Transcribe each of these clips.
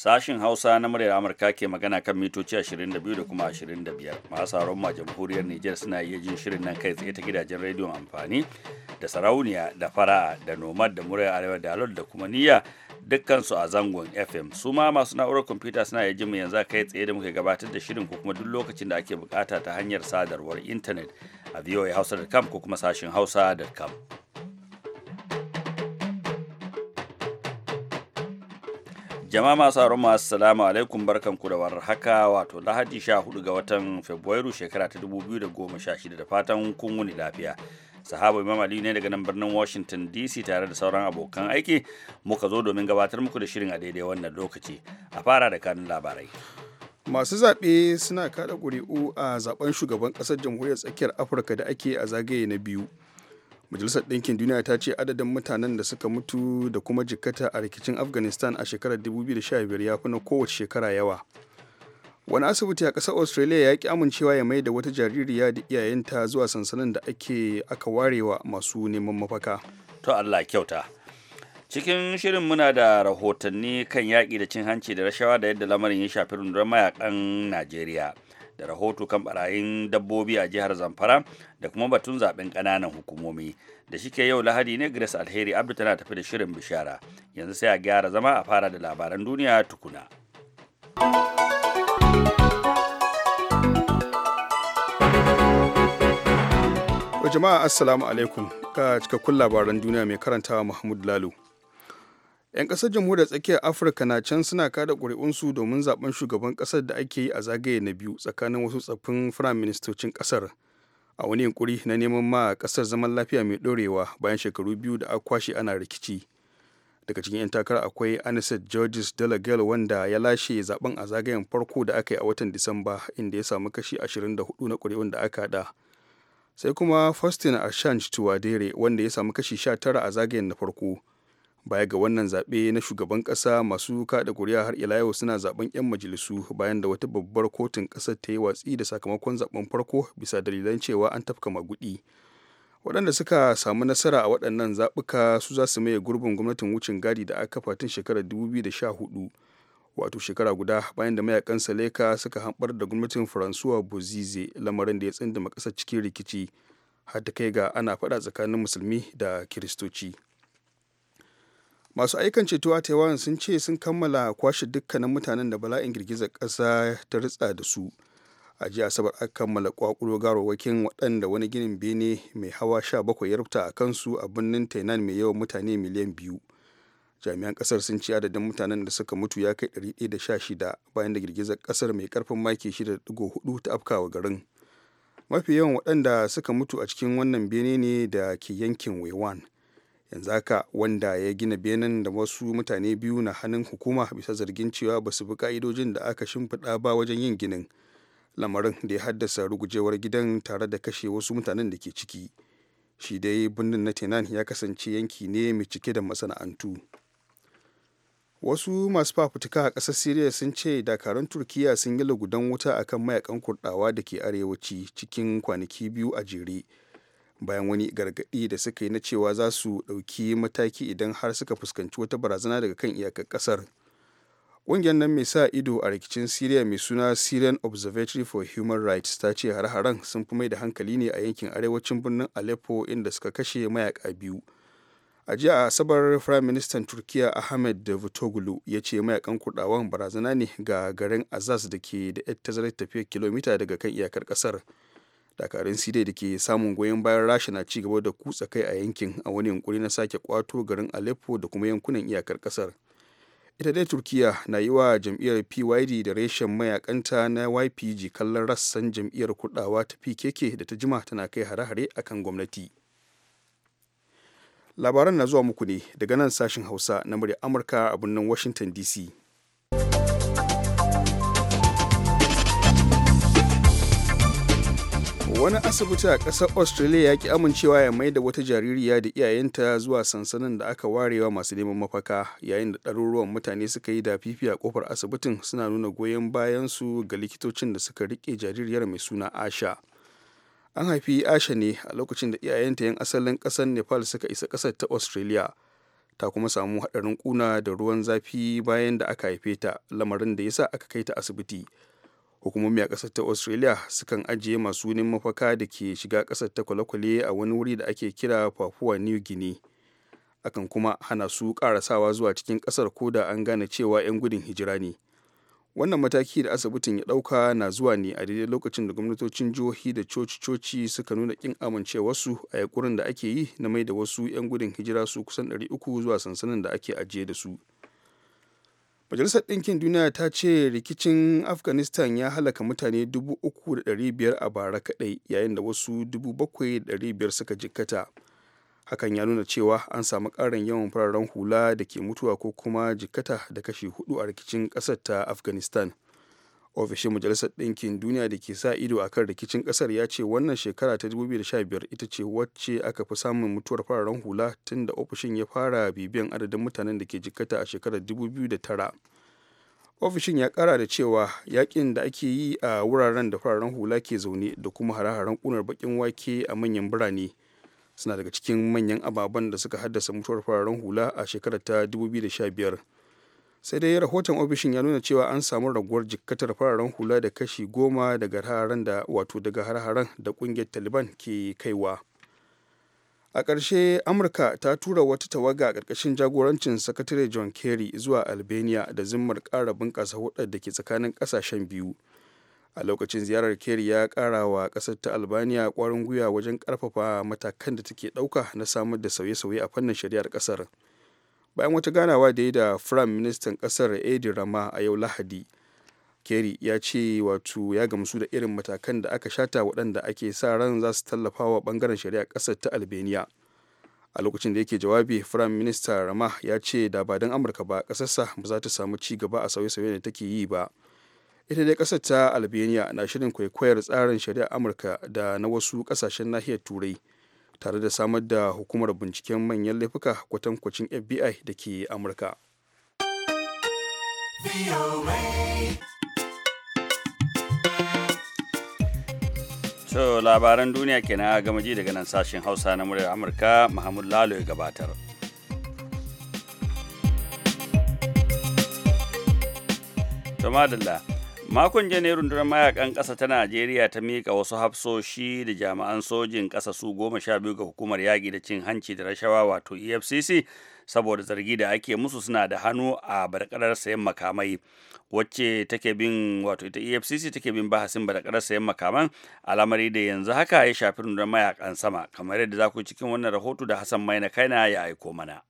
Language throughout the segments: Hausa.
Sashin Hausa na muryar Amurka ke magana kan mitoci 22 da kuma 25. Masu sauran ma jamhuriyar Nijar suna iya jin shirin nan kai tsaye ta gidajen rediyon amfani da sarauniya da fara'a da nomad da muryar arewa da alol da kuma niyya dukkansu a zangon FM. Su ma masu na'urar kwamfuta suna iya jin mu yanzu kai tsaye da muke gabatar da shirin ko kuma duk lokacin da ake bukata ta hanyar sadarwar intanet a voahausa.com ko kuma sashin hausa.com. jama'a masu aron masu salama alaikum barkan ku da warhaka wato lahadi 14 ga watan fabrairu shekara ta 2016 da fatan kun wuni lafiya sahaba imam ali ne daga nan birnin washington dc tare da sauran abokan aiki muka zo domin gabatar muku da shirin a daidai wannan lokaci a fara da kanun labarai masu zaɓe suna kaɗa ƙuri'u a zaben shugaban ƙasar jamhuriyar tsakiyar afirka da ake a zagaye na biyu majalisar ɗinkin duniya ta ce adadin mutanen da suka mutu da kuma jikkata a rikicin afghanistan a shekarar 2015 ya fi na kowace shekara yawa wani asibiti a ƙasar australia ya ki amincewa ya mai da wata jaririya da iyayenta zuwa sansanin da ake aka warewa masu neman mafaka to allah kyauta cikin shirin muna da rahotanni kan yaƙi da cin hanci da rashawa da yadda lamarin ya shafi rundunar mayakan najeriya da rahoto kan barayin dabbobi a jihar zamfara da kuma batun zaben kananan hukumomi da shike yau lahadi ne grace alheri abdu tana tafi da shirin bishara yanzu sai a gyara zama a fara da labaran duniya tukuna jama'a assalamu alaikum ga cikakkun labaran duniya mai karantawa mahmud lalu 'yan ƙasar jamhuriyar tsakiyar afirka na can suna kada ƙuri'unsu domin zaben shugaban kasar da ake yi a zagaye na biyu tsakanin wasu tsaffin firayim ministocin ƙasar a wani yunkuri na neman ma kasar zaman lafiya mai ɗorewa bayan shekaru biyu da aka kwashe ana rikici daga cikin 'yan takara akwai aniset georges delagel wanda ya lashe zaben a zagayen farko da aka yi a watan disamba inda ya samu kashi 24 na ƙuri'un da aka haɗa sai kuma faustin ashanj tuwadere wanda ya samu kashi tara a zagayen na farko baya ga wannan zaɓe na shugaban ƙasa masu kaɗa ƙuri'a har ila yau suna zaɓen 'yan majalisu bayan da wata babbar kotun ƙasar ta yi watsi da sakamakon zaɓen farko bisa dalilan cewa an tafka maguɗi waɗanda suka samu nasara a waɗannan zaɓuka su za su maye gurbin gwamnatin wucin gadi da aka kafa tun shekarar 2014 wato shekara guda bayan da mayakan saleka suka hambar da gwamnatin faransuwa bozize lamarin da ya tsindima ƙasar cikin rikici har ta kai ga ana faɗa tsakanin musulmi da kiristoci masu aikan ceto a taiwan sun ce sun kammala kwashe dukkanin mutanen da bala'in girgizar ƙasa ta ritsa da su a jiya asabar aka kammala kwakuro gawarwakin waɗanda wani ginin bene mai hawa 17 ya rubuta a kansu a birnin tainan mai yawan mutane miliyan biyu jami'an kasar sun ci adadin mutanen da suka mutu ya kai da 116 bayan da girgizar kasar mai karfin maki 6.4 ta afkawa garin mafi yawan waɗanda suka mutu a cikin wannan bene ne da ke yankin waiwan yanzu haka wanda ya gina benin da wasu mutane biyu na hannun hukuma bisa zargin cewa ba su bi ka'idojin da aka shimfiɗa ba wajen yin ginin lamarin da ya haddasa rugujewar gidan tare da kashe wasu mutanen da ke ciki shi dai birnin na tenan ya kasance yanki ne mai cike da masana'antu wasu masu fafutuka a ƙasar siriya sun ce dakarun turkiya sun yi lagudan wuta akan mayakan kurdawa da ke arewaci cikin kwanaki biyu a jere bayan wani gargaɗi da suka yi na cewa za su ɗauki mataki idan har suka fuskanci wata barazana daga kan iyakar ƙasar ƙungiyar nan mai sa ido a rikicin syria mai suna syrian observatory for human rights ta ce har-haren sun fi mai da hankali ne a yankin arewacin birnin aleppo inda suka kashe mayaka biyu a jiya a asabar prime minister turkiya ahmed davutoglu ya ce mayakan kudawan barazana ne ga garin azaz da ke da yar tazarar kilomita daga kan iyakar kasar dakarun sidai da ke samun goyon bayan rasha na cigaba da kutsa kai a yankin a wani yunkuri na sake kwato garin aleppo da kuma yankunan iyakar kasar ita dai turkiya na yi wa jam'iyyar pyd da reshen mayakanta na ypg kallon rassan jam'iyyar kudawa ta pkk da ta jima tana kai hare-hare a kan gwamnati labaran na zuwa muku ne daga nan sashen hausa na murya amurka a birnin washington dc wani asibiti a ƙasar australia ya ki amincewa ya mai da wata jaririya da iyayenta zuwa sansanin da aka warewa masu neman mafaka yayin da ɗaruruwan mutane suka yi da fifi a kofar asibitin suna nuna goyon bayan su ga likitocin da suka riƙe jaririyar mai suna asha an haifi asha ne a lokacin da iyayenta yan asalin ƙasar nepal suka isa ƙasar ta australia ta kuma samu haɗarin kuna da ruwan zafi bayan da aka haife ta lamarin da yasa aka kai ta asibiti hukumomi a ƙasar ta australia sukan ajiye masu neman mafaka da ke shiga kasar ta kwale-kwale a wani wuri da ake kira papua new guinea akan kuma hana su ƙarasawa zuwa cikin ƙasar ko da an gane cewa 'yan gudun hijira ne wannan mataki da asibitin ya ɗauka na zuwa ne a daidai lokacin da gwamnatocin jihohi da coci-coci suka nuna ƙin amincewarsu a yakurin da ake yi na mai da wasu 'yan gudun hijira su kusan 300 zuwa sansanin da ake ajiye da su. majalisar ɗinkin duniya ta ce rikicin afghanistan ya halaka mutane 3,500 a bara kaɗai yayin da wasu 7,500 suka jikkata hakan ya nuna cewa an samu ƙarin yawan fararen hula da ke mutuwa ko kuma jikkata da kashi hudu a rikicin ƙasar ta afghanistan ofishin majalisar ɗinkin duniya da ke sa ido akan rikicin ƙasar ya ce wannan shekara ta 2015 ita ce wacce aka fi samun mutuwar fararen hula tun da ofishin ya fara bibiyan adadin mutanen da ke jikkata a shekarar 2009 ofishin ya kara da cewa yakin da ake yi a wuraren da fararen hula ke zaune da kuma hare-haren kunar bakin wake a manyan birane suna daga cikin manyan ababen da suka haddasa mutuwar fararen hula a shekarar ta 2015 sai dai rahoton ofishin ya nuna cewa an samu raguwar jikkatar fararen hula da kashi goma daga hararen da wato daga har da kungiyar taliban ke kaiwa a ƙarshe amurka ta tura wata tawaga a ƙarƙashin jagorancin sakatare john kerry zuwa albania da zimmar ƙara bunƙasa hudar da ke tsakanin ƙasashen biyu a lokacin ziyarar kerry ya ƙara wa ƙasar ta albania ƙwarin gwiwa wajen ƙarfafa matakan da take ɗauka na samar da sauye-sauye a fannin shari'ar ƙasar bayan wata ganawa da yi da firayim ministan kasar edi rama a yau lahadi kerry ya ce wato ya gamsu da irin matakan da aka shata waɗanda ake sa ran za su tallafa wa ɓangaren shari'a ƙasar ta albania a lokacin da yake jawabi firayim minista rama ya ce da ba don amurka ba ƙasarsa ba za ta samu ci gaba a sauye-sauye da take yi ba ita dai ƙasar ta albania na shirin kwaikwayar tsarin shari'a amurka da na wasu ƙasashen nahiyar turai tare da samar da hukumar binciken manyan laifuka kwatankwacin fbi da ke amurka so labaran duniya kenan gama ji daga nan sashen hausa na muryar amurka mahmud lalo ya gabatar to madalla makon janairun rundunar mayakan ƙasa ta najeriya ta mika wasu hafsoshi da jami'an sojin ƙasa su goma sha biyu ga hukumar yaƙi da cin hanci da rashawa wato efcc saboda zargi da ake musu suna da hannu a barkarar sayan makamai wacce take bin wato ita efcc take bin bahasin barkarar sayan makaman alamari da yanzu haka ya shafi rundunar mayakan sama kamar yadda za ku cikin wannan rahoto da hassan maina kaina ya aiko mana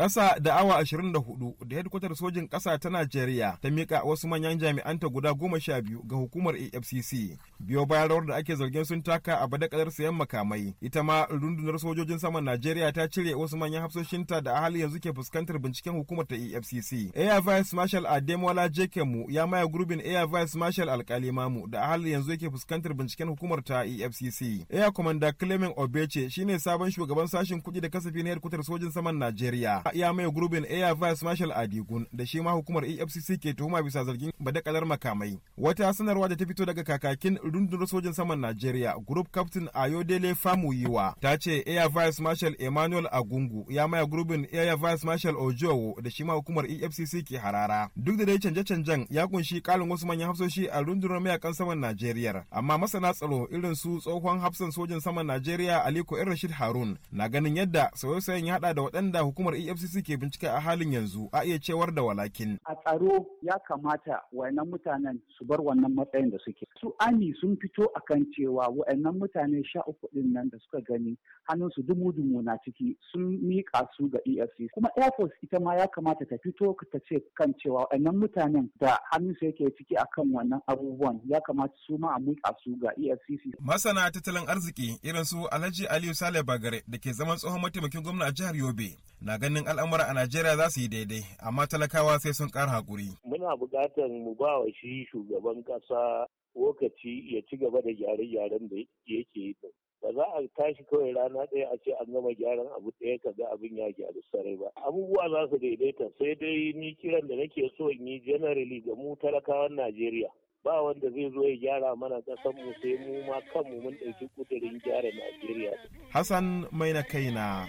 Ƙasa da awa 24 da hedkwatar sojin kasa ta Najeriya ta mika wasu manyan jami'anta guda goma sha biyu ga hukumar AFCC. Biyo bayan rawar da ake zargin sun taka a badakalar sayan makamai. Ita ma rundunar sojojin saman Najeriya ta cire wasu manyan hafsoshin ta da a hali yanzu ke fuskantar binciken hukumar ta AFCC. Air Vice Marshal Ademola Jekemu ya maya gurbin Air Vice Marshal Alkali Mamu da a hali yanzu yake fuskantar binciken hukumar ta EFCC. Air Commander Clement Obeche shine sabon shugaban sashen kuɗi da kasafi na hedkwatar sojin saman Najeriya. ya mai gurbin Air Vice Marshal Adigun da shi ma hukumar EFCC ke tuhuma bisa zargin badakalar makamai. Wata sanarwa da ta fito daga kakakin rundunar sojin saman Najeriya Group Captain Ayodele Famuyiwa ta ce Air Vice Marshal Emmanuel Agungu ya maya gurbin Air Vice Marshal Ojowo da shi ma hukumar EFCC ke harara. Duk da dai canje-canjen ya kunshi kalin wasu manyan hafsoshi a rundunar mayakan saman Najeriya, amma masana tsaro irin su tsohon hafsan sojin saman Najeriya Aliko Rashid Harun na ganin yadda sauye-sauyen ya hada da waɗanda hukumar EFCC efcc ke bincike a halin yanzu a iya cewar da walakin a tsaro ya kamata wayannan mutanen su bar wannan matsayin da suke su ani sun fito akan cewa wayannan mutane sha uku din nan da suka gani hannun su dumu dumu na ciki sun miƙa su ga efcc kuma air ita ma ya kamata ta fito ta ce kan cewa wayannan mutanen da hannun su yake ciki akan wannan abubuwan ya kamata su ma a miƙa su ga efcc masana tattalin arziki irin su alhaji aliyu sale bagare da ke zaman tsohon mataimakin gwamna a jihar yobe na ganin al'amura a Najeriya za su yi daidai amma talakawa sai sun ƙara hakuri. Muna buƙatar mu ba wa shi shugaban ƙasa lokaci ya ci gaba da gyare-gyaren da yake yi ba za a tashi kawai rana ɗaya a ce an gama gyaran abu ɗaya ka ga abin ya gyaru sarai ba abubuwa za su daidaita sai dai ni kiran da nake so in yi generally ga mu talakawan najeriya ba wanda zai zo ya gyara mana kasan mu sai mu ma kanmu mun ɗauki kudirin gyara Najeriya. Hassan mai na kaina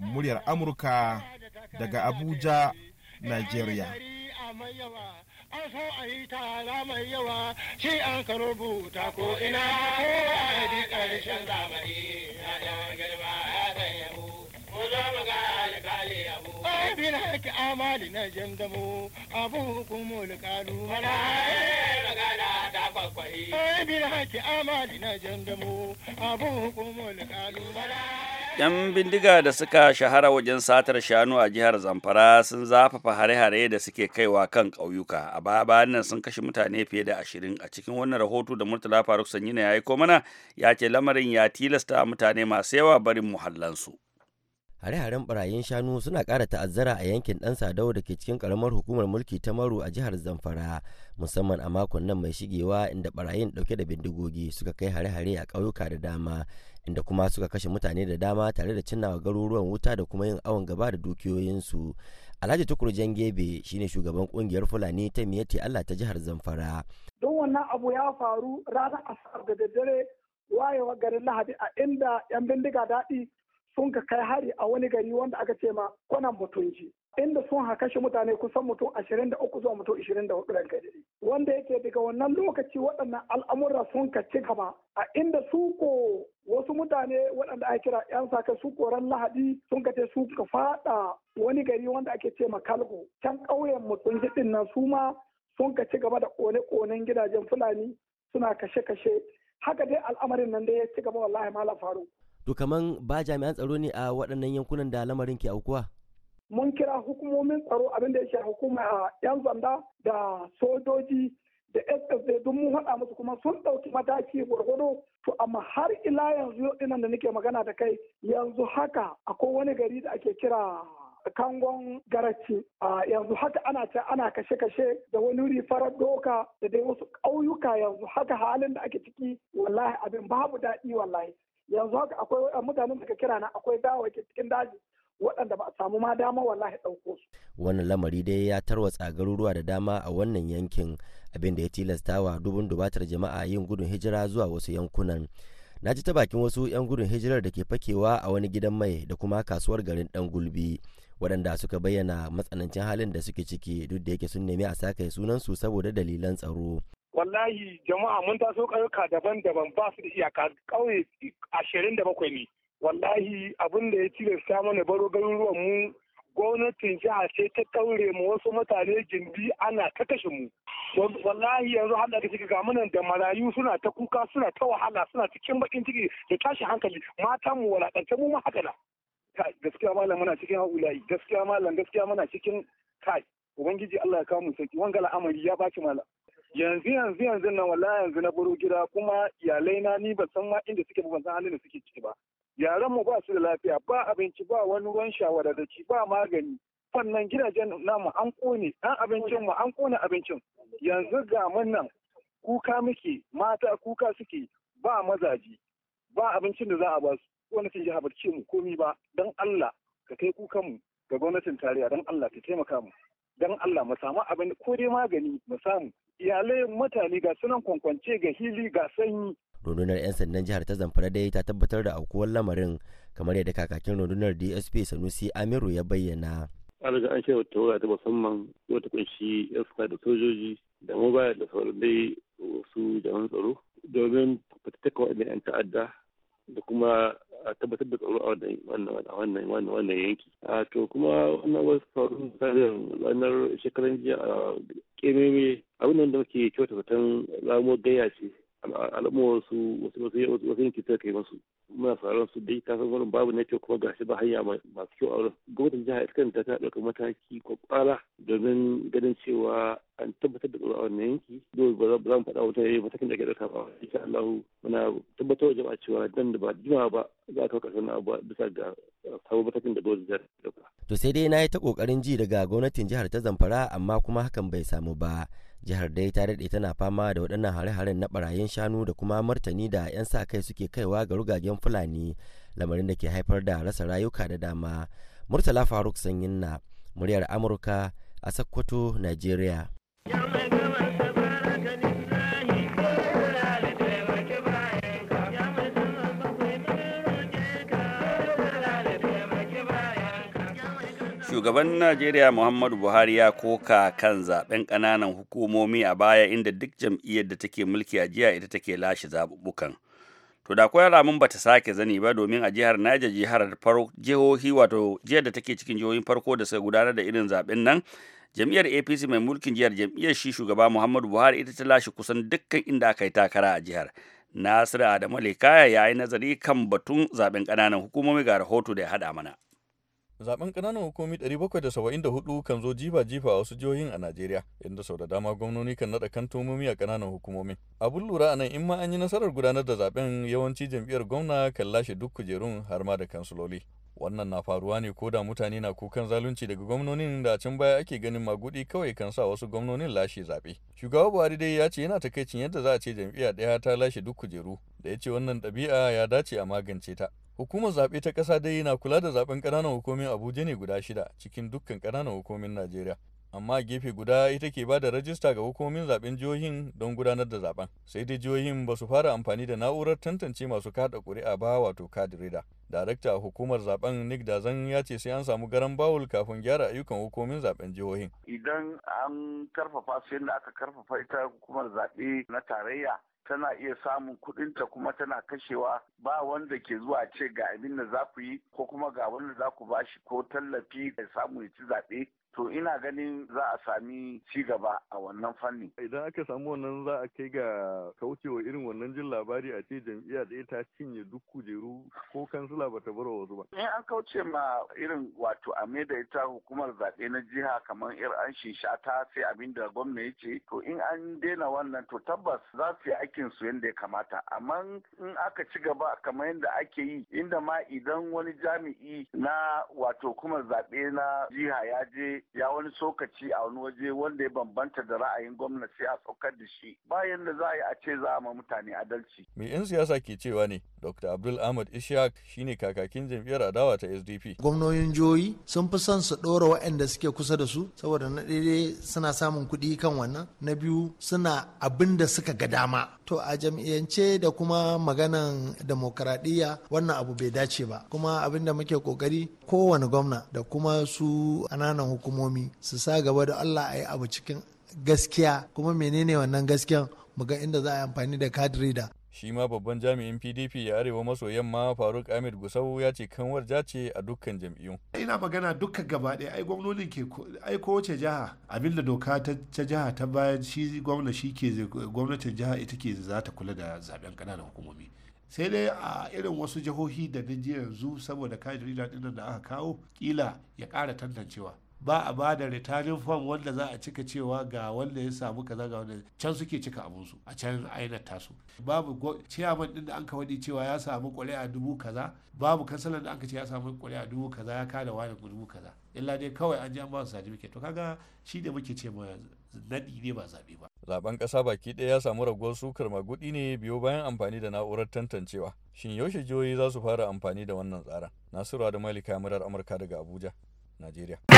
muryar Amurka daga Abuja, Najeriya. ai amali na ‘Yan bindiga da suka shahara wajen satar shanu a jihar Zamfara sun zafafa hare-hare da suke kaiwa kan ƙauyuka, a baya nan sun kashe mutane fiye da ashirin a cikin wannan rahoto da Murtala Faruk Sanyina ya yi mana ya ce lamarin ya tilasta mutane masu yawa barin muhallansu. hare-haren barayin shanu suna kara ta'azzara a yankin ɗan sadau da ke cikin karamar hukumar mulki ta maru a jihar zamfara musamman a makon nan mai shigewa inda barayin ɗauke da bindigogi suka kai hare-hare a kauyuka da dama inda kuma suka kashe mutane da dama tare da cinnawa garuruwan wuta da kuma yin awon gaba da dukiyoyinsu alhaji tukuru jangebe shine shugaban kungiyar fulani ta miyati allah ta jihar zamfara don wannan abu ya faru ranar asabar da daddare wayewa garin lahadi a inda yan bindiga daɗi sun ka kai hari a wani gari wanda aka ce ma kwanan mutunci inda sun haka shi mutane kusan mutum 23 zuwa mutum 24 ranka dai wanda yake daga wannan lokaci waɗannan al'amura sun ka ci gaba a inda su ko wasu mutane waɗanda ake kira 'yan saka su koran lahadi sun ka ce su ka faɗa wani gari wanda ake ce ma kalgo can ƙauyen mutum ɗin nan su ma sun ka ci gaba da ƙone-ƙonen gidajen fulani suna kashe-kashe haka dai al'amarin nan dai ya ci gaba wallahi malam faru to kaman ba jami'an tsaro ne a waɗannan yankunan da lamarin ke aukuwa mun kira hukumomin tsaro abin da ya shafi hukuma a yan sanda da sojoji da ss don mun haɗa musu kuma sun ɗauki mataki gwargwado to amma har ila yanzu yau da nake magana da kai yanzu haka akwai wani gari da ake kira kangon garaci a yanzu haka ana ce ana kashe-kashe da wani wuri doka da dai wasu ƙauyuka yanzu haka halin da ake ciki wallahi abin babu daɗi wallahi yanzu haka akwai mutanen da kira na akwai dawa ke cikin daji waɗanda ba a samu ma dama wallahi ɗauko su. Wannan lamari dai ya tarwatsa garuruwa da dama a wannan yankin abin da ya tilastawa wa dubun dubatar jama'a yin gudun hijira zuwa wasu yankunan. Na ji ta bakin wasu 'yan gudun hijirar da ke fakewa a wani gidan mai da kuma kasuwar garin dan gulbi waɗanda suka bayyana matsanancin halin da suke ciki duk da yake sun nemi a sakaye sunansu saboda dalilan tsaro. wallahi jama'a mun taso ƙauyuka daban-daban ba su da iyaka ƙauye ashirin da bakwai ne wallahi abin da ya tilasta mana baro garuruwan mu gwamnatin jiha sai ta ɗaure mu wasu mutane jimbi ana ta kashe mu wallahi yanzu hada da ciki gamunan da marayu suna ta kuka suna ta wahala suna cikin bakin ciki da tashi hankali mata mu walakanta mu ma haka na gaskiya malam muna cikin haulayi gaskiya malam gaskiya muna cikin kai ubangiji Allah ya kawo mu sauki wangala amari ya baci malam yanzu yanzu yanzu nan wala yanzu na baro gida kuma iyalai na ni ba san ma inda suke ba ban san halin da suke ciki ba yaran mu ba su da lafiya ba abinci ba wani ruwan shawara da ci ba magani Wannan gidajen namu an kone an abincin mu an kone abincin yanzu ga mun nan kuka muke mata kuka suke ba mazaji ba abincin da za a ba su gwamnatin jiha ba ce mu komi ba Dan Allah ka kai kukan mu ga gwamnatin tarayya dan Allah ka taimaka mu don Allah mu samu abin ko magani mu samu iyalai mutane ga sunan kwankwance ga hili ga sanyi rundunar 'yan sandan jihar ta zamfara dai ta tabbatar da aukuwar lamarin kamar yadda kakakin rundunar dsp sanusi amiru ya bayyana an an shirya tawaga ta musamman wata kunshi yan da sojoji da mobile da sauran dai wasu jami'an tsaro domin fatattaka waɗannan 'yan ta'adda da kuma a tabbatar da tsaro a wannan yanki a to kuma wannan wasu faruwar misalin ranar shekaran jiya a kememe abin da muke kyauta zaton ramo gaya ce al'amuwar wasu wasu yanki ta kai masu muna tsaron su dai ka san wurin babu ne kuma gashi ba hanya masu kyau a wurin gwamnatin jiha iskan ta ta ɗauka mataki kwakwara domin ganin cewa an tabbatar da tsaro a wannan yanki dole ba za mu faɗa wata matakin da ke ɗauka ba insha Allah muna tabbatar da jama'a cewa dan da ba jima ba za ka kasan abu bisa ga sabon matakin da dole jihar ɗauka. To sai dai na yi ta ƙoƙarin ji daga gwamnatin jihar ta Zamfara amma kuma hakan bai samu ba. jihar dai ta daɗe tana fama da waɗannan hare-haren na barayin shanu da kuma martani da 'yan sa kai suke kaiwa ga rugagen fulani lamarin da ke haifar da rasa rayuka da dama murtala faruk sanyin na muryar amurka a sakkwato nigeria shugaban najeriya muhammadu buhari ya koka kan zaben kananan hukumomi a baya inda duk jam'iyyar da take mulki a jiya ita take lashe zaɓuɓɓukan to da kwaya ramin bata sake zani ba domin a jihar naija jihar jihohi wato jihar da take cikin jihohin farko da suka gudanar da irin zaben nan jam'iyyar apc mai mulkin jihar jam'iyyar shi shugaba muhammadu buhari ita ta lashe kusan dukkan inda aka yi takara a jihar nasiru adamu lekaya ya yi nazari kan batun zaben kananan hukumomi ga rahoto da ya haɗa mana Zaben ƙananan hukumi 774 kan zo jifa-jifa a wasu jihohin a Najeriya, inda sau da dama gwamnoni kan naɗa kantomomi a ƙananan hukumomi. Abun lura a nan in ma an yi nasarar gudanar da zaben yawanci jam'iyyar gwamna kan lashe duk kujerun har ma da kansuloli. Wannan na faruwa ne ko da mutane na kukan zalunci daga gwamnonin da can baya ake ganin magudi kawai kan sa wasu gwamnonin lashe zaɓe. Shugaba Buhari dai ya ce yana takaicin yadda za a ce jam'iyya ɗaya ta lashe duk kujeru, da ya ce wannan ɗabi'a ya dace a magance ta. Hukumar zaɓe ta ƙasa dai na kula da zaɓen ƙananan hukumomin Abuja ne guda shida cikin dukkan ƙananan hukumomin Najeriya. amma gefe guda ita ke ba da rajista ga hukumomin zaben jihohin don gudanar da zaben sai dai jihohin ba su fara amfani da na'urar tantance masu kada ƙuri'a ba wato card reader darakta hukumar zaben nick dazan ya ce sai an samu garan bawul kafin gyara ayyukan hukumomin zaben jihohin idan an karfafa su yadda aka karfafa ita hukumar zaɓe na tarayya tana iya samun ta kuma tana kashewa ba wanda ke zuwa ce ga abin da za ku yi ko kuma ga wanda za ku bashi ko tallafi da samu ya ci zaɓe to ina ganin za a sami ci gaba a wannan fanni. Idan aka samu wannan za a kai ga kaucewa irin wannan jin labari a ce jam'iyya da ta cinye duk kujeru ko kansila ba ta bara wasu ba. In an kauce ma irin wato a da ita hukumar zaɓe na jiha kamar 'yar an ta sai abin da gwamna ya ce to in an daina wannan to tabbas za su yi aikin su yadda ya kamata amma in aka ci gaba kamar yadda ake yi inda ma idan wani jami'i na wato hukumar zaɓe na jiha ya je ya wani sokaci a wani waje wanda ya bambanta da ra'ayin gwamnati a saukar da shi bayan da za a yi a ce za a ma mutane adalci. Me 'yan siyasa ke cewa ne Dr. Abdul Ahmad Ishaq shine kakakin jam'iyyar adawa ta SDP. gwamnoyin jihohi sun fi son su ɗora waɗanda suke kusa da su saboda na ɗaya suna samun kuɗi kan wannan na biyu suna abin da suka ga dama. To a jam'iyyance da kuma maganan demokaradiyya wannan abu bai dace ba kuma abin da muke kokari kowane gwamna da kuma su ananan hukumar hukumomi su sa gaba da Allah a yi abu cikin gaskiya kuma menene wannan gaskiyan mu ga inda za a yi amfani da kadiri da shi ma babban jami'in pdp ya arewa maso yamma faruk ahmed gusau ya ce kanwar ja ce a dukkan jam'iyyun ina magana dukkan gaba ɗaya ai gwamnonin ke ai kowace jiha abinda doka ta jiha ta bayan shi gwamna shi ke gwamnatin jiha ita ke za ta kula da zaben ƙananan hukumomi sai dai a irin wasu jihohi da na yanzu saboda kajirina ɗin da aka kawo kila ya ƙara tantancewa ba a ba da retiring form wanda za a cika cewa ga wanda ya samu kaza ga wanda can suke cika abunsu a can ainar tasu babu ciyaman din da an kawadi cewa ya samu kuri'a dubu kaza babu kansalan da an ce ya samu kuri'a dubu kaza ya kada wani dubu kaza illa dai kawai an ji an ba su certificate to kaga shi da muke ce ma naɗi ne ba zaɓe ba. Zaben ƙasa baki ɗaya ya samu raguwar sukar magudi ne biyo bayan amfani da na'urar tantancewa. Shin yaushe jihohi za su fara amfani da wannan tsara? Nasiru da Malika Murar Amurka daga Abuja. Nigeria. a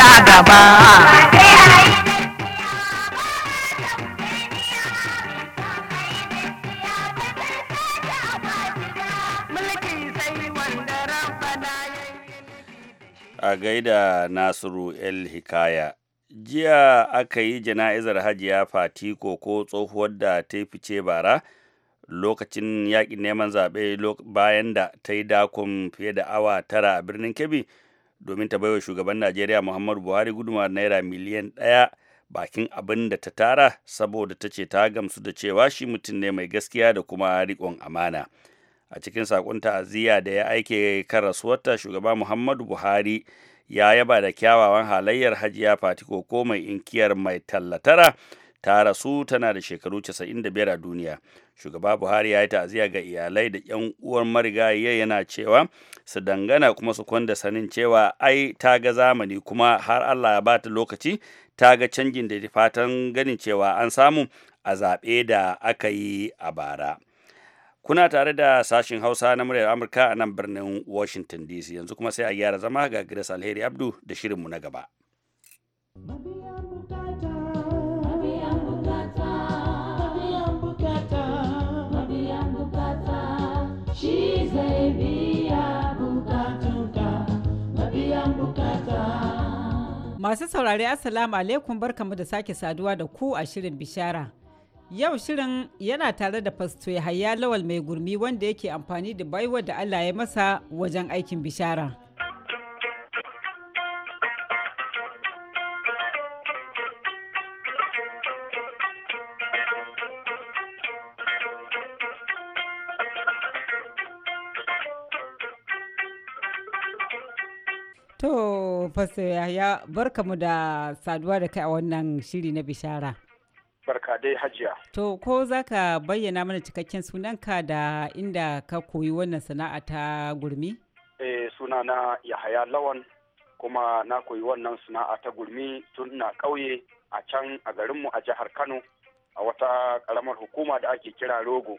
gaida nasiru el hikaya jiya aka yi jana'izar hajiya fati ko tsohuwar da ta fice bara lokacin yakin neman zaɓe bayan da ta yi dakon fiye da awa tara a birnin kebbi domin ta baiwa shugaban najeriya muhammadu buhari gudunmawar naira miliyan ɗaya bakin abin da ta tara saboda ta ce ta gamsu da cewa shi mutum ne mai gaskiya da kuma riƙon amana a cikin saƙon ta'aziyya da ya aike kan rasuwarta shugaba muhammadu buhari ya yaba da kyawawan halayyar hajiya fatiko ko mai inkiyar mai tallatara ta rasu tana da shekaru 95 a duniya shugaba buhari ya yi ta'aziya ga iyalai da yan uwar marigayi yana cewa su dangana kuma su kwanda sanin cewa ai ta ga zamani kuma har allah ya bata lokaci ta ga canjin da fatan ganin cewa an samu a zaɓe da aka yi a bara kuna tare da sashin hausa na muryar amurka a nan birnin washington dc yanzu kuma sai a gyara zama ga grace alheri abdu da shirinmu na gaba. Masu saurari Assalamu alaikum barkamu da sake saduwa da ku a shirin bishara. Yau shirin yana tare da fasto Yahaya Lawal mai gurmi wanda yake amfani da baiwa da Allah ya masa wajen aikin bishara. Fasto Yahya barka mu da saduwa da kai a wannan shiri na bishara. Barka dai hajiya. To ko za ka bayyana mana cikakken sunanka da inda ka koyi wannan sana'a ta gurmi? Eh suna na Yahaya Lawan kuma na koyi wannan sana'a ta gurmi tun na ƙauye a can a garinmu a jihar Kano a wata ƙaramar hukuma da ake kira Rogo.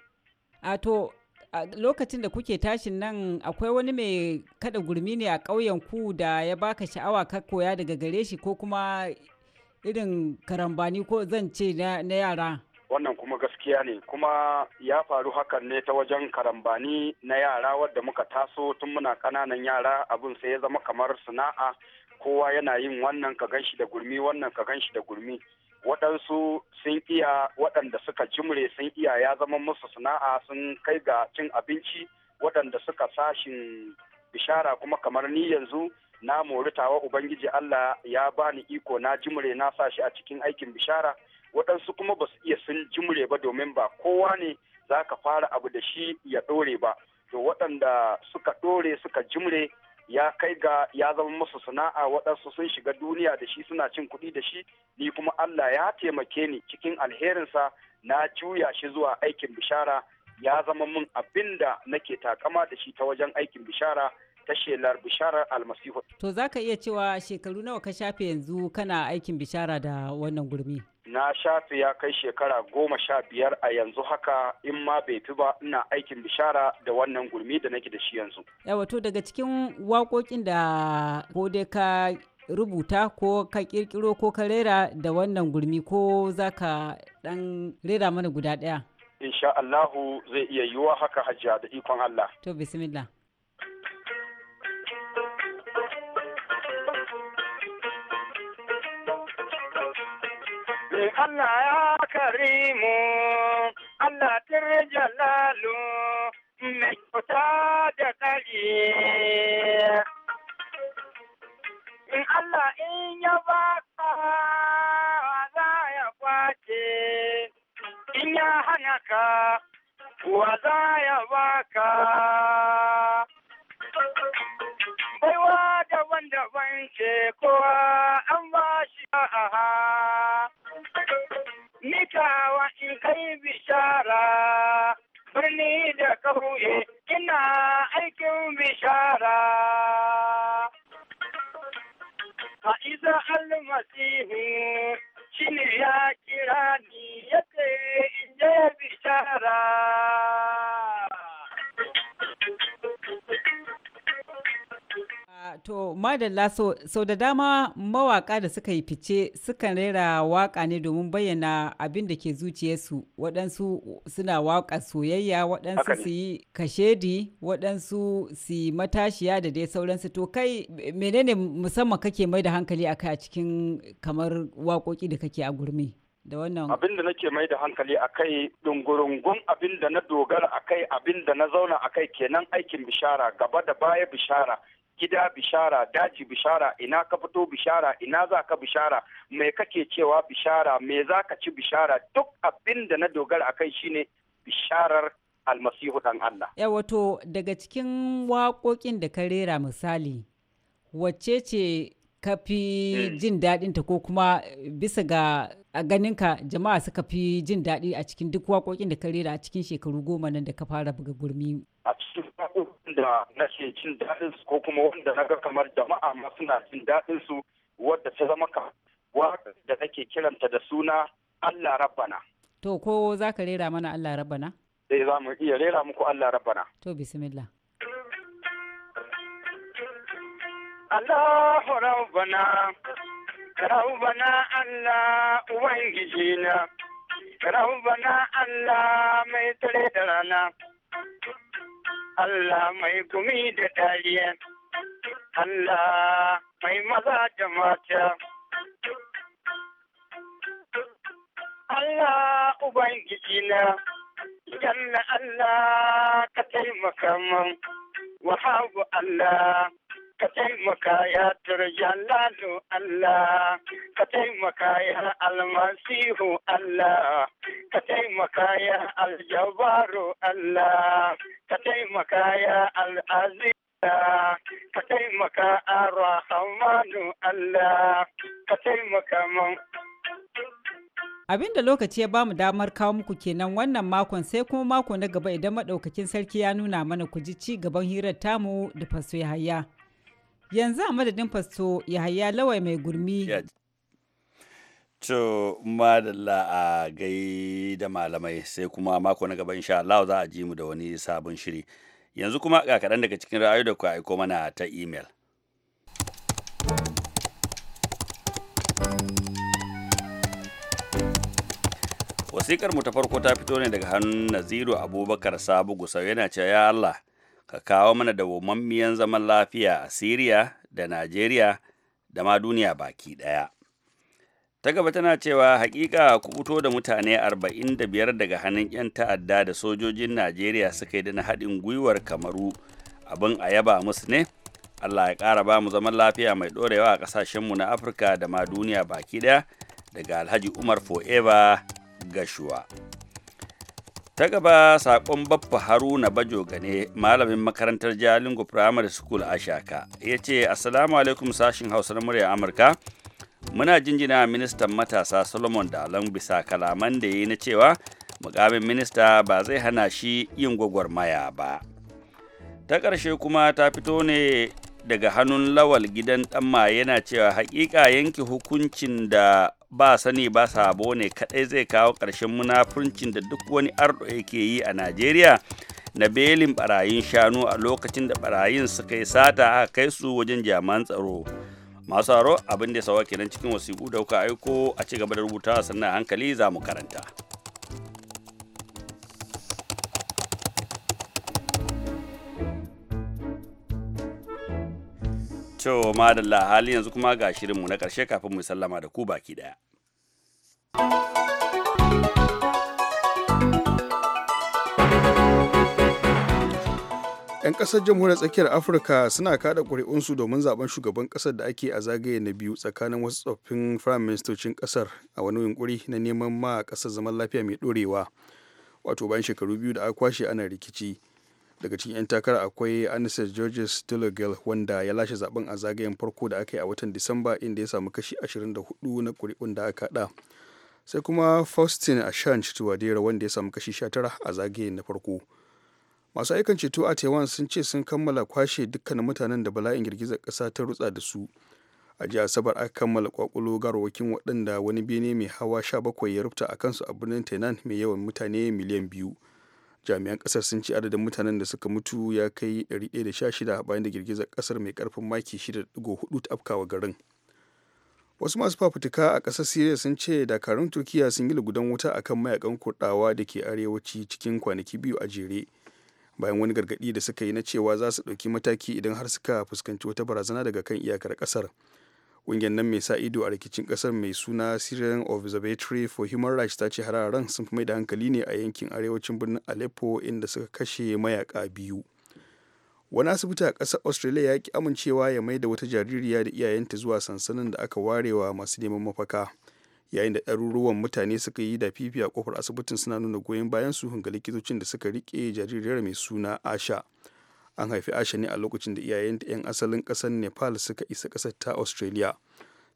A to a lokacin da kuke tashin nan akwai wani mai kada gurmi ne a ƙauyen ku da ya baka sha'awa ka koya daga gare shi ko kuma irin karambani ko zan ce na yara wannan kuma gaskiya ne kuma ya faru hakan ne ta wajen karambani na yara wadda muka taso tun muna ƙananan yara abin sai ya zama kamar sana'a kowa yana yin wannan ka ganshi da gurmi wannan ka ganshi da gurmi waɗansu sun iya waɗanda suka jimre sun iya ya zama musu sana'a sun kai ga cin abinci waɗanda suka sashin bishara kuma kamar ni yanzu na moritawa ubangiji Allah ya bani iko na jimre na sashi a cikin aikin bishara waɗansu kuma ba su iya sun jimre ba domin ba kowa ne za ka fara abu da shi ya ɗore ba to waɗanda suka ɗore suka jimre ya kai ga ya zama musu sana'a waɗansu sun shiga duniya da shi suna cin kuɗi da shi ni kuma Allah ya taimake ni cikin alherinsa na juya shi zuwa aikin bishara ya zama mun abin da nake takama da shi ta wajen aikin bishara ta shelar bisharar almasihu. To za ka iya cewa shekaru nawa ka shafe yanzu kana aikin bishara da wannan gurmi? na shafe ya kai shekara goma sha biyar a yanzu haka in ma bai fi ba ina aikin bishara da wannan gurmi da nake da shi yanzu. wato daga cikin waƙoƙin da kode ka rubuta ko ka ƙirƙiro ko ka rera da wannan gurmi ko za ka ɗan rera mana guda ɗaya. Insha Allahu zai iya yiwuwa haka hajiya da ikon Allah. To bismillah. Allah ya karimu, Allah tun jalalu, mai kyauta da tsari. In Allah in ya baka za ya kwace, in ya hana ka, wa za ya baka. to madalla so, so da dama mawaka da suka yi fice sukan rera waka ne domin bayyana abin da ke zuciyarsu waɗansu suna waka soyayya waɗansu su yi kashedi waɗansu su yi matashiya da dai sauransu to kai menene musamman kake mai da hankali kai a cikin kamar waƙoƙi da kake a gurmi da wannan abin da nake mai da hankali a kai dungurungun abin da na dogara a kai abin da na zauna a kai kenan aikin bishara gaba da baya bishara gida bishara daji bishara ina ka fito bishara ina za ka bishara mai kake cewa bishara me za ka ci bishara duk abin da na dogara akai shine bisharar almasihu dan Allah. Ya wato daga cikin waƙoƙin da ka rera misali wacce ce ka fi hmm. jin daɗin ta ko kuma bisa ga a ganinka jama'a suka fi jin daɗi a cikin duk waƙoƙin da ka rera a cikin shekaru goma nan da ka fara buga gurmi. A wanda nake jin daɗin su ko kuma wanda na ga kamar jama'a ma suna jin daɗin su wadda ta zama ka da nake kiranta da suna Allah Rabbana. To ko za ka rera mana Allah Rabbana? Eh za mu iya rera muku Allah Rabbana. To bismillah. Allah Rabbana Rabbana Allah Ubangiji na Rabbana Allah mai tare da rana Allah mai gumi da dariya, Allah mai maza da mata. Allah Ubangiji na, na Allah ka taimaka man, wahabu Allah ka taimaka ya Allah ka taimaka ya almasihu Allah ka taimaka ya aljabaru Allah ka taimaka ya al'aziz ka taimaka hamanu Allah ka taimaka man Abin da lokaci ya bamu damar kawo muku kenan wannan makon sai kuma mako na gaba idan maɗaukakin sarki ya nuna mana ku ji ci gaban hirar tamu da faso ya yanzu a madadin fasto haya lawai mai gurmi to madalla a gai da malamai sai kuma mako na gaban insha Allah za a ji mu da wani sabon shiri yanzu kuma ga kaɗan daga cikin ra'ayoyi da ku aiko mana ta email wasikar mu ta farko ta fito ne daga hannun naziru abubakar sabu gusau yana cewa ya Allah ka kawo mana dawwammammiyar zaman lafiya a Siriya da Najeriya da ma duniya baki ɗaya. Ta gaba tana cewa hakika kubuto da mutane arba'in da biyar daga hannun 'yan ta'adda da sojojin Najeriya suka yi da na haɗin gwiwar kamaru abin a yaba musu ne. Allah ya ƙara ba mu zaman lafiya mai ɗorewa a ƙasashenmu na Afirka da ma duniya baki ɗaya daga Alhaji Umar Forever Gashuwa. ta gaba sakon baffa haruna bajo gane malamin makarantar jalingo primary school a shaka ya ce assalamu alaikum Sashen hausa na murya amurka muna jinjina ministan matasa solomon dalon bisa kalaman da ya yi na cewa mukamin minista ba zai hana shi yin gwagwarmaya ba ta ƙarshe kuma ta fito ne daga hannun lawal gidan ɗanma yana cewa haƙiƙa yanke hukuncin da ba sani ba sabo ne kadai zai kawo ƙarshen munafurcin da duk wani ardo yake yi a najeriya na belin barayin shanu a lokacin da barayin suka yi sata aka kai su wajen jami'an tsaro masu haro abin da ya sawa kenan cikin wasiƙu da kuka aiko a ci gaba da rubutawa sannan hankali za mu karanta. To madalla hali yanzu kuma ga shirinmu na karshe kafin mu sallama da ku baki ɗaya. ‘Yan ƙasar jamhuriyar tsakiyar Afirka suna kada ƙuri'unsu domin zaben shugaban ƙasar da ake a zagaye na biyu tsakanin wasu tsoffin firayim ƙasar a wani yunƙuri na neman ma ƙasar zaman lafiya mai ɗorewa, wato bayan shekaru biyu da aka kwashe ana rikici. daga cikin 'yan takara akwai anisar georges delegal wanda ya lashe zaben a zagayen farko da aka yi a watan disamba inda ya samu kashi 24 na kuri'un da aka haɗa sai kuma faustin ashanch tuwadera wanda ya samu kashi 19 a zagayen na farko masu aikan ceto a taiwan sun ce sun kammala kwashe dukkanin mutanen da bala'in girgizar kasa ta rutsa da su a jiya asabar aka kammala kwakulo garwakin waɗanda wani bene mai hawa 17 ya rubuta a kansu a birnin tainan mai yawan mutane miliyan biyu jami'an kasar sun ci adadin mutanen da suka mutu ya kai 116 bayan da girgizar kasar mai karfin maki 6.4 ta afkawa garin wasu masu fafutuka a ƙasar syria sun ce dakarun turkiya sun yi lugudan wuta akan mayakan kurdawa da ke arewaci cikin kwanaki biyu a jere bayan wani gargadi da suka yi na cewa za su ɗauki mataki idan har suka fuskanci wata barazana daga kan iyakar ƙasar. kasar ƙungiyar nan mai sa ido a rikicin ƙasar mai suna syrian observatory for human rights ta ce hararen sun fi mai da hankali ne a yankin arewacin birnin aleppo inda suka kashe mayaka biyu wani asibiti a ƙasar australia ya ki amincewa ya mai da wata jaririya da iyayenta zuwa sansanin da aka warewa masu neman mafaka yayin da ɗaruruwan mutane suka yi da fifi a kofar asibitin suna nuna goyon bayan su ga likitocin da suka rike jaririyar mai suna asha an haifi asha ne a lokacin da iyayenta 'yan asalin ƙasar nepal suka isa ƙasar ta australia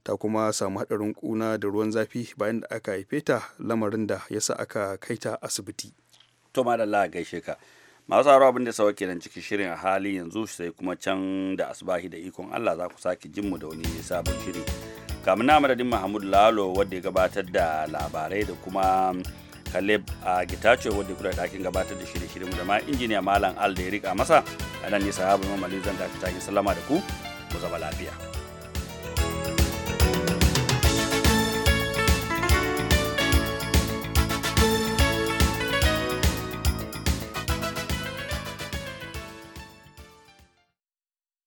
ta kuma samu haɗarin kuna da ruwan zafi bayan da aka haife ta lamarin da ya sa aka kai ta asibiti to madalla gaishe ka masu haro abin da sawa kenan cikin shirin a halin yanzu sai kuma can da asbahi da ikon allah za ku sake jinmu da wani sabon shiri kamun na madadin mahmud lalo wadda ya gabatar da labarai da kuma kaleb a Gitacho wanda ya kula ɗakin gabatar da shirye-shiryen da ma injiniya Malam Al da ya rika masa a nan ne sahabu mamali zan ta yi sallama da ku ku zama lafiya.